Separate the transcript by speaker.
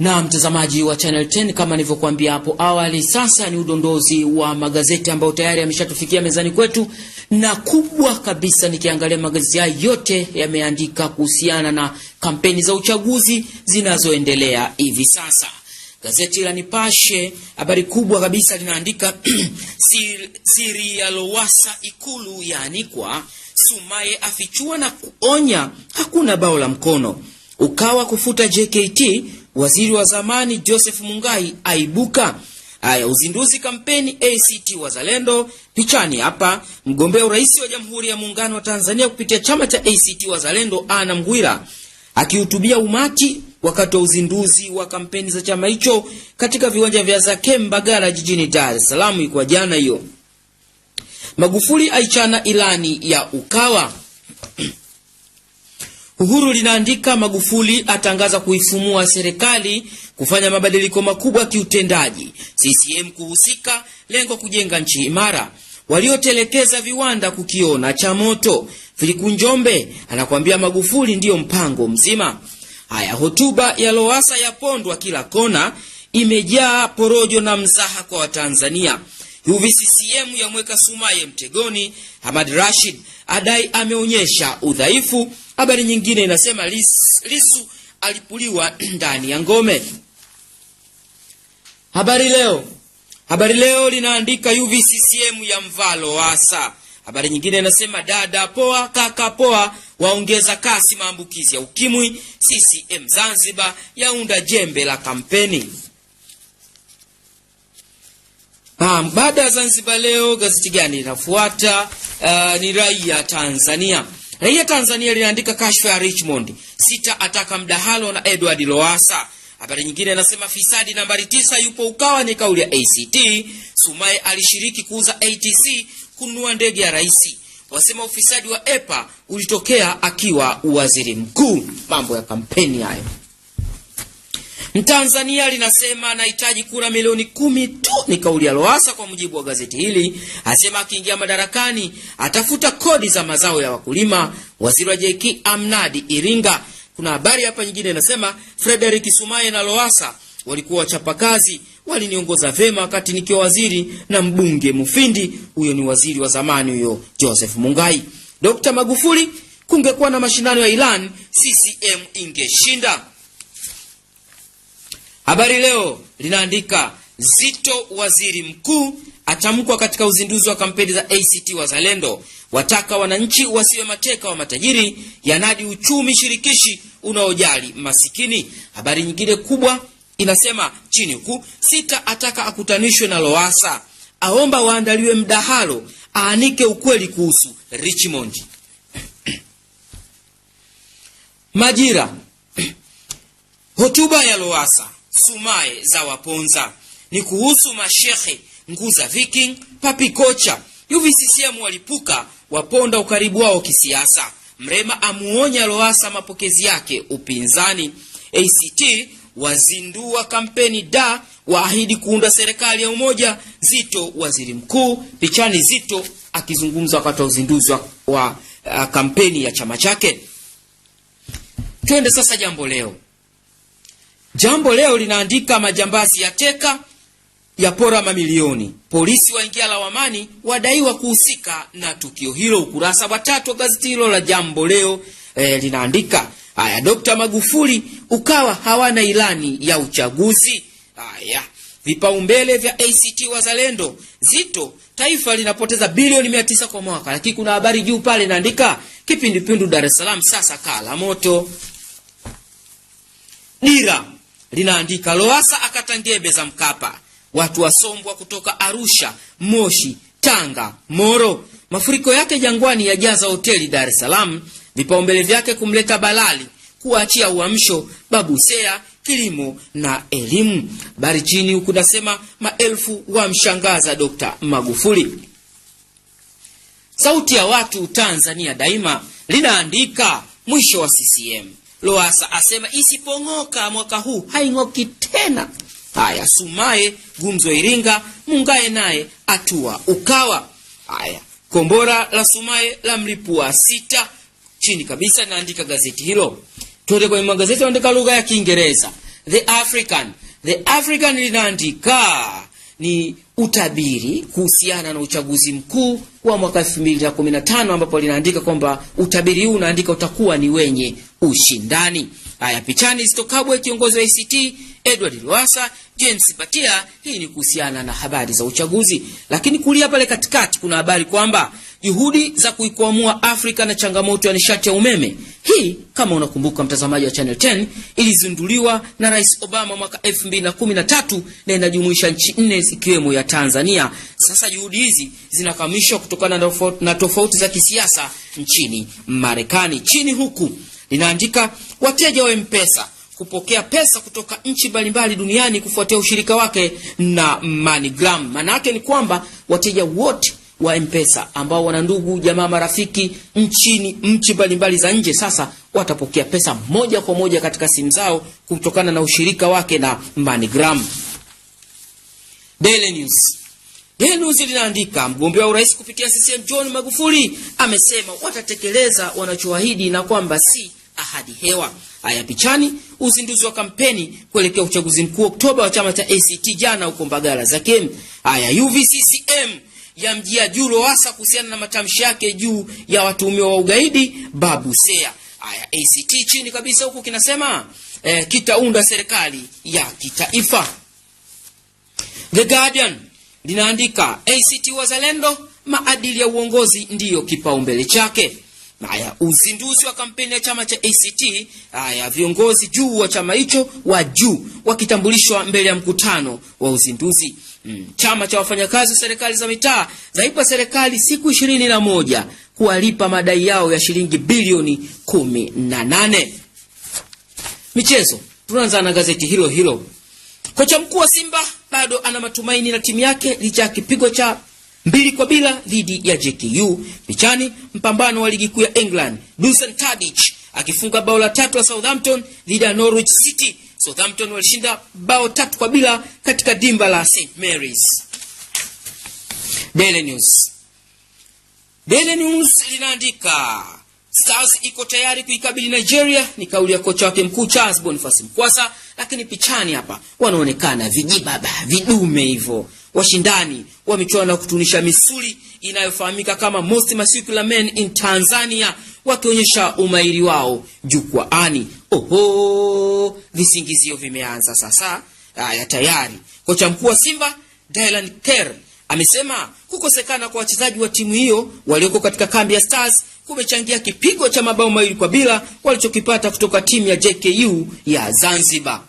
Speaker 1: Na mtazamaji wa Channel 10, kama nilivyokuambia hapo awali, sasa ni udondozi wa magazeti ambayo tayari yameshatufikia mezani kwetu, na kubwa kabisa, nikiangalia magazeti haya yote yameandika kuhusiana na kampeni za uchaguzi zinazoendelea hivi sasa. Gazeti la Nipashe habari kubwa kabisa linaandika siri ya lowasa Ikulu kwa Sumaye afichua na kuonya hakuna bao la mkono, Ukawa kufuta JKT Waziri wa zamani Joseph Mungai aibuka. Haya, uzinduzi kampeni ACT Wazalendo. Pichani hapa, mgombea urais wa Jamhuri ya Muungano wa Tanzania kupitia chama cha ACT Wazalendo Anna Mghwira akihutubia umati wakati wa uzinduzi wa kampeni za chama hicho katika viwanja vya Zake Mbagala jijini Dar es Salaam, ilikuwa jana hiyo. Magufuli aichana ilani ya Ukawa. Uhuru linaandika Magufuli atangaza kuifumua serikali kufanya mabadiliko makubwa ya kiutendaji. CCM kuhusika, lengo kujenga nchi imara. Waliotelekeza viwanda kukiona cha moto. Filiku Njombe anakuambia Magufuli ndiyo mpango mzima. Haya, hotuba ya Lowassa yapondwa kila kona, imejaa porojo na mzaha kwa Watanzania. Yuvi CCM yamweka Sumaye mtegoni. Hamad Rashid adai ameonyesha udhaifu. Habari nyingine inasema Lisu alipuliwa ndani ya ngome. Habari Leo, Habari Leo linaandika uvccm ya mvalo wasa. Habari nyingine inasema dada poa, kaka poa, waongeza kasi maambukizi ya ukimwi. CCM Zanzibar yaunda jembe la kampeni. Naam, baada ya Zanzibar leo gazeti gani linafuata? Uh, ni Raia Tanzania. Raia Tanzania linaandika kashfa ya Richmond, sita ataka mdahalo na Edward Lowasa. Habari nyingine nasema fisadi nambari tisa yupo Ukawa, ni kauli ya ACT. Sumaye alishiriki kuuza ATC kununua ndege ya rais. Wasema ufisadi wa EPA ulitokea akiwa waziri mkuu. Mambo ya kampeni hayo. Mtanzania linasema anahitaji kura milioni kumi tu, ni kauli ya loasa kwa mujibu wa gazeti hili. Asema akiingia madarakani atafuta kodi za mazao ya wakulima. Waziri wa JK amnadi Iringa. Kuna habari hapa nyingine inasema frederik Sumaye na loasa walikuwa wachapakazi, waliniongoza vema wakati nikiwa waziri na mbunge Mufindi. Huyo ni waziri wa zamani huyo, Joseph Mungai. Dr. Magufuli, kungekuwa na mashindano ya Iran CCM ingeshinda. Habari Leo linaandika Zito waziri mkuu atamkwa katika uzinduzi wa kampeni za ACT Wazalendo, wataka wananchi wasiwe mateka wa matajiri, yanadi uchumi shirikishi unaojali masikini. Habari nyingine kubwa inasema chini huku, Sita ataka akutanishwe na lowasa aomba waandaliwe mdahalo, aanike ukweli kuhusu Richmond. Majira, hotuba ya Lowassa sumaye za waponza ni kuhusu mashehe Nguza Viking, papikocha Kocha, UVCCM walipuka waponda ukaribu wao kisiasa. Mrema amuonya loasa mapokezi yake upinzani. ACT wazindua kampeni da waahidi kuunda serikali ya umoja. Zito waziri mkuu. Pichani Zito akizungumza wakati wa uzinduzi wa uh, kampeni ya chama chake. Twende sasa Jambo Leo. Jambo Leo linaandika majambazi ya teka ya pora mamilioni, polisi waingia lawamani, wadaiwa kuhusika na tukio hilo. Ukurasa wa tatu wa gazeti hilo la Jambo Leo e, linaandika haya, Dkt Magufuli ukawa hawana ilani ya uchaguzi. Haya, vipaumbele vya ACT Wazalendo zito, taifa linapoteza bilioni tisa kwa mwaka. Lakini kuna habari juu pale inaandika kipindupindu Dar es Salaam sasa kaa la moto. Dira linaandika loasa akatangia za Mkapa, watu wasombwa kutoka Arusha, Moshi, Tanga, Moro. Mafuriko yake Jangwani yajaza hoteli Dar es Salaam, vipaumbele vyake kumleta Balali, kuachia uamsho, Babusea, kilimo na elimu. Bari chini huku nasema maelfu wamshangaza Dkt. Magufuli. Sauti ya Watu Tanzania Daima linaandika mwisho wa CCM loasa asema isipong'oka mwaka huu haing'oki tena. Haya, Sumaye gumzo Iringa, Mungaye naye atua Ukawa. Haya, kombora la Sumaye la mlipua sita. Chini kabisa naandika gazeti hilo, tuende kwenye magazeti naandika lugha ya Kiingereza. The African, The African linaandika ni utabiri kuhusiana na uchaguzi mkuu wa mwaka 2015 ambapo linaandika kwamba utabiri huu unaandika utakuwa ni wenye ushindani. Haya, pichani Zitokabwe, kiongozi wa ACT Edward Lowassa, James Patia. Hii ni kuhusiana na habari za uchaguzi, lakini kulia pale katikati kuna habari kwamba juhudi za kuikwamua Afrika na changamoto ya nishati ya umeme. Hii kama unakumbuka mtazamaji wa Channel 10 ilizinduliwa na Rais Obama mwaka 2013 na inajumuisha nchi nne ikiwemo ya Tanzania. Sasa juhudi hizi zinakamishwa kutokana na tofauti za kisiasa nchini Marekani. Chini huku linaandika wateja wa mpesa kupokea pesa kutoka nchi mbalimbali duniani kufuatia ushirika wake na MoneyGram. Maana yake ni kwamba wateja wote wa mpesa ambao wana ndugu, jamaa, marafiki nchini nchi mbalimbali za nje sasa watapokea pesa moja kwa moja katika simu zao kutokana na ushirika wake na MoneyGram. Daily News. Daily News linaandika mgombea wa urais kupitia CCM John Magufuli amesema watatekeleza wanachoahidi na kwamba si ahadi hewa. Haya pichani, uzinduzi wa kampeni kuelekea uchaguzi mkuu Oktoba wa chama cha ACT jana huko Mbagala Kem. Haya, UVCCM yamjia juu Lowassa kuhusiana na matamshi yake juu ya watuhumiwa wa ugaidi Babu Seya. Haya, ACT chini kabisa huku kinasema eh, kitaunda serikali ya kitaifa. The Guardian linaandika ACT Wazalendo, maadili ya uongozi ndiyo kipaumbele chake. Haya, uzinduzi wa kampeni ya chama cha ACT. Haya, viongozi juu wa chama hicho wa juu wakitambulishwa mbele ya mkutano wa uzinduzi. Mm. Chama cha wafanyakazi wa serikali za mitaa zaipa serikali siku ishirini na moja kuwalipa madai yao ya shilingi bilioni kumi na nane. Michezo, tunaanza na gazeti hilo hilo. Kocha mkuu wa Simba bado ana matumaini na timu yake licha ya kipigo cha mbili kwa bila dhidi ya JKU. Pichani mpambano wa ligi kuu ya England, Dusan Tadic akifunga bao la tatu la Southampton dhidi ya Norwich City. Southampton walishinda bao tatu kwa bila katika dimba la St Mary's. Daily News. Daily News linaandika Stars iko tayari kuikabili Nigeria, ni kauli ya kocha wake mkuu Charles Boniface Mkwasa, lakini pichani hapa wanaonekana vijibaba vidume hivyo washindani wa michuano ya kutunisha misuli inayofahamika kama Most Muscular Men in Tanzania wakionyesha umahiri wao jukwaani. Oho, visingizio vimeanza sasa. Haya, tayari kocha mkuu wa Simba Dylan Kerr amesema kukosekana kwa wachezaji wa timu hiyo walioko katika kambi ya Stars kumechangia kipigo cha mabao mawili kwa bila walichokipata kutoka timu ya JKU ya Zanzibar.